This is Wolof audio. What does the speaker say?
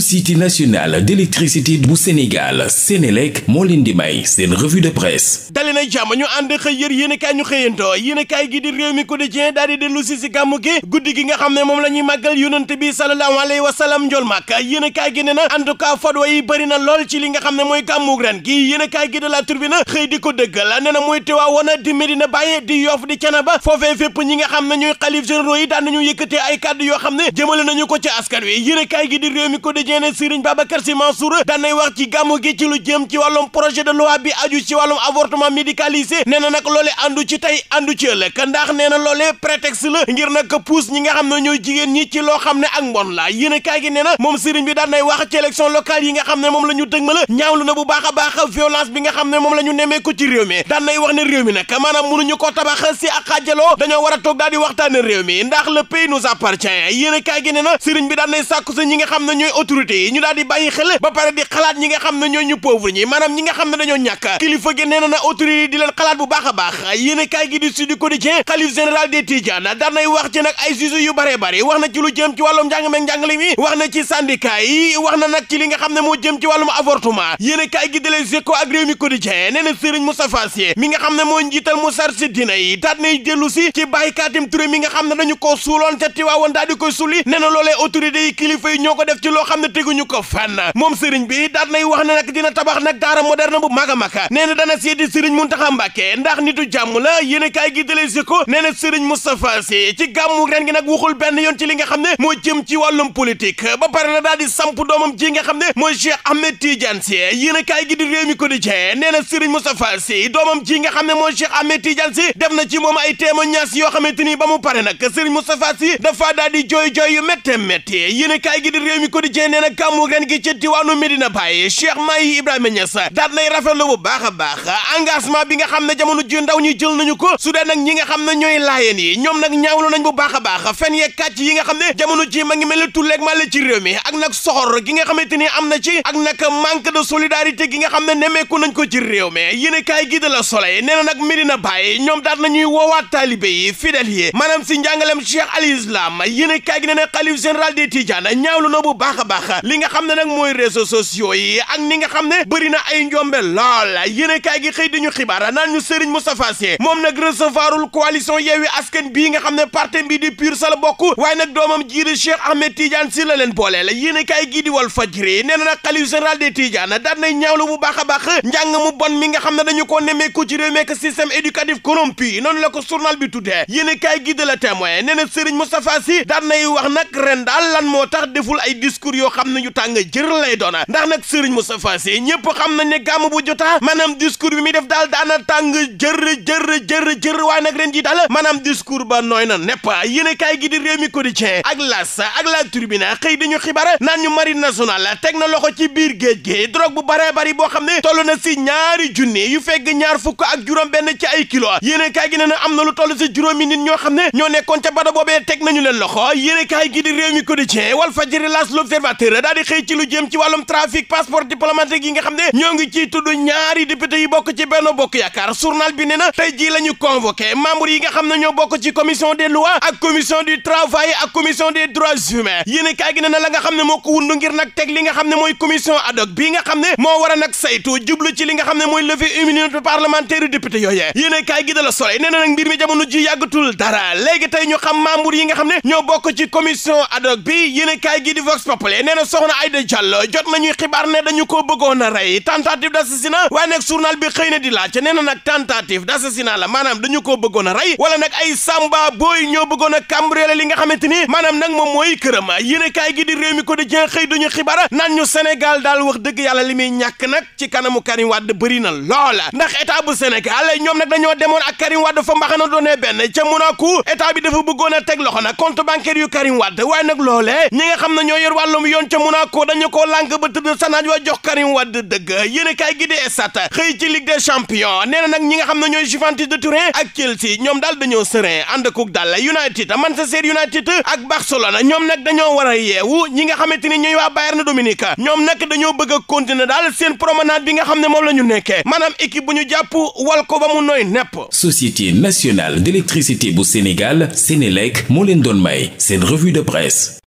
société nationale d'électricité bu Sénégal Sénélec moo leen di may seen revue de presse dali na ñu ànd xëy yër yéen i kaay ñu xëyantoo yéen gi di réew mi quotidien daal nga xam ne moom la màggal yonent bi sallallahu alayhi wa gi ne na en tout cas yi bëri lool ci li nga xam ne mooy gàmmug ren gi yéen gi de la xëy di ko dëggal nee na mooy Tiwaawoon di Medina Baye di Yoff di Canaba foofee fépp ñi nga xam ne ñooy xalif généraux Quotidien ne Serigne Babacar Sy Mansour danay wax ci gàmmu gi ci lu jëm ci wàllum projet de loi bi aju ci wàllum avortement médicalisé nee na nag loolee àndu ci tey àndu ci ëllëg ndax nee na loolee la ngir nag puus ñi nga xam ne ñooy jigéen ñi ci loo xam ne ak mbon la yéen kaay gi nee moom Serigne bi danay wax ci élection locale yi nga xam ne moom la ñu dëgmal ñaawlu na bu baax a baax violence bi nga xam ne moom la ñu nemee ko ci réew mi danay wax ne réew mi nag maanaam mënuñu ko tabax nga xam ne autorités yi ñu daal di bàyyi xel ba di xalaat ñi nga xam ne ñooy ñu pauvre ñi maanaam ñi nga xam ne dañoo ñàkk kilifa gi nee na autorités di leen xalaat bu baax a baax yéene kaay gi di Sud Quotidien xalif général des Tidiane nay wax ci nag ay sujet yu bare bare wax na ci lu jëm ci na ci syndicat yi wax na nag ci li nga xam ne moo jëm ci wàllum avortement yéene kaay gi di Les Échos ak Rewmi Quotidien nee mi nga xam ne moo njiital mu sar si dina yi daat nay dellu si ci bàyyi mi nga xam ne dañu koo suuloon te tiwaawoon daal di koy sulli nee na loolee autorités yi ko def ci loo xam ne teguñu ko fenn moom sëriñ bi daat nay wax ne nag dina tabax nag daara moderne bu mag a mag nee na dana seeti sëriñ Muntaxa Mbàkke ndax nitu jàmm la yéen kaay gi dalee si ko nee na sëriñ Moustapha Sy ci gàmmu ren gi nag waxul benn yoon ci li nga xam ne moo jëm ci wàllum politique ba pare na daal di samp doomam ji nga xam ne mooy Cheikh Ahmed Tidiane Sy yéen kaay gi di réew mi ko di jee nee na sëriñ Moustapha Sy doomam ji nga xam ne mooy Cheikh Ahmed Tidiane Sy def na ci moom ay témoignage yoo xamante ni ba mu pare nag sëriñ Moustapha Sy dafa daal di jooy jooy yu métte métti yéen kaay gi di réew mi ko quotidien nee na gàmmu ren gi ci diwaanu Medina Baye Cheikh Mahi Ibrahima Niass daat nay rafetlu bu baax a baax engagement bi nga xam ne jamono ji ndaw ñi jël nañu ko su dee nag ñi nga xam ne ñooy laayeen yi ñoom nag ñaawlu nañ bu baax a baax fen yeeg kàcc yi nga xam ne jamono ji ma ngi mel ni tulleeg màlle ci réew mi ak nag soxor gi nga xamante ni am na ci ak nag manque de solidarité gi nga xam ne nemmeeku nañ ko ci réew mi yéen kaay gi de la Soleil nee na nag Medina Baye ñoom daat nañuy woowaat taalibe yi fidèle yi maanaam si njàngalem Cheikh Al Islam yéen kaay gi nee na xalif général des Tidiane na bu baax a baax li nga xam ne nag mooy réseaux sociaux yi ak ni nga xam ne bëri na ay njombe lool yéen kaay gi xëy dañu xibaar naan ñu Serigne Moustapha Sy moom nag recevoirul coalition Yewwi Askan bii nga xam ne parti bi di pur sa la bokk waaye nag doomam jii di Cheikh Ahmed Tidiane Sy la leen boole la yéen kaay gii di Walf Fadjri nee na nag xalif général des Tidiane daan nay ñaawlu bu baax a baax njàng mu bon mi nga xam ne dañu ko nemmeeku ci réew mi ak système éducatif corrompu yoo xam ne yu tàng jër lay doona ndax nag Serigne Moustapha Sy ñëpp xam nañ ne gàmm bu jotaa maanaam discours bi mi def daal daana tàng jër jër jër jër waaye nag ren ji daal maanaam discours ba nooy na nepp yéen kaay gi di Rewmi Quotidien ak L'As ak La Tribune xëy dañu xibaar naan ñu marine nationale teg na loxo ci biir géej gi drogue bu baree bari boo xam ne toll na si ñaari junni yu fegg ñaar fukk ak juróom benn ci ay kilo yéen kaa gi ne na am na lu toll si juróomi nit ñoo xam ne ñoo nekkoon ca bada boobee teg nañu leen loxo yéen kaay gi di Rewmi Quotidien Walf Fadjri L'As L'Observateur l'observateur daal di xëy ci lu jëm ci wàllum trafic passeport diplomatique yi nga xam ne ñoo ngi ci tudd ñaari député yi bokk ci benn bokk yaakaar journal bi ne na tey jii la ñu convoqué membre yi nga xam ne ñoo bokk ci commission des lois ak commission du travail ak commission des droits humains yéen i gi nee na la nga xam ne moo ko wundu ngir nag teg li nga xam ne mooy commission ad hoc bi nga xam ne moo war a nag saytu jublu ci li nga xam ne mooy levée immunité parlementaire député yooyee yéen i kaay gi da la Soleil nee na nag mbir mi jamono ji yàggatul tey ñu xam membre yi nga xam ne ñoo bokk ci commission ad bi yéen i kaay gi di vox populi nee na soxna Aïda Diallo jot nañuy xibaar ne dañu ko bëggoon a rey tentative d'assassinat waaye nag journal bi xëy na di laajte nee na nag tentative d'assassinat la maanaam dañu ko bëggoon a rey wala nag ay samba booy ñoo bëggoon a cambrioler li nga xamante ni maanaam nag moom mooy kër këram yéen kaay gi di réew mi ko di jeex xëy duñu xibaar naan ñu Sénégal daal wax dëgg yàlla li muy ñàkk nag ci kanamu Karim Wade bëri na ndax état bu Sénégal ñoom nag dañoo demoon ak Karim Wade fa mbaxa na doonee benn ca bëggoon a teg loxo nag compte bancaire yu Karim Wade waaye nag loolee ñi yoon ca Monaco dañu ko lànk ba tëdd sanaaj wa jox Karim Wade dëgg yéen kaay gi di esat xëy ci Ligue des champions nee nag ñi nga xam ne ñooy Juventus de Turin ak Chelsea ñoom daal dañoo serein ànd kook daal United Manchester United ak Barcelone ñoom nag dañoo war a yeewu ñi nga xamante ni ñooy waa Bayern Dominique ñoom nag dañoo bëgg a continuer daal seen promenade bi nga xam ne moom la ñu nekkee maanaam équipe bu ñu jàpp wal ko ba mu nooy nepp Société nationale d'électricité bu Sénégal Sénélec moo leen doon may seen revue de presse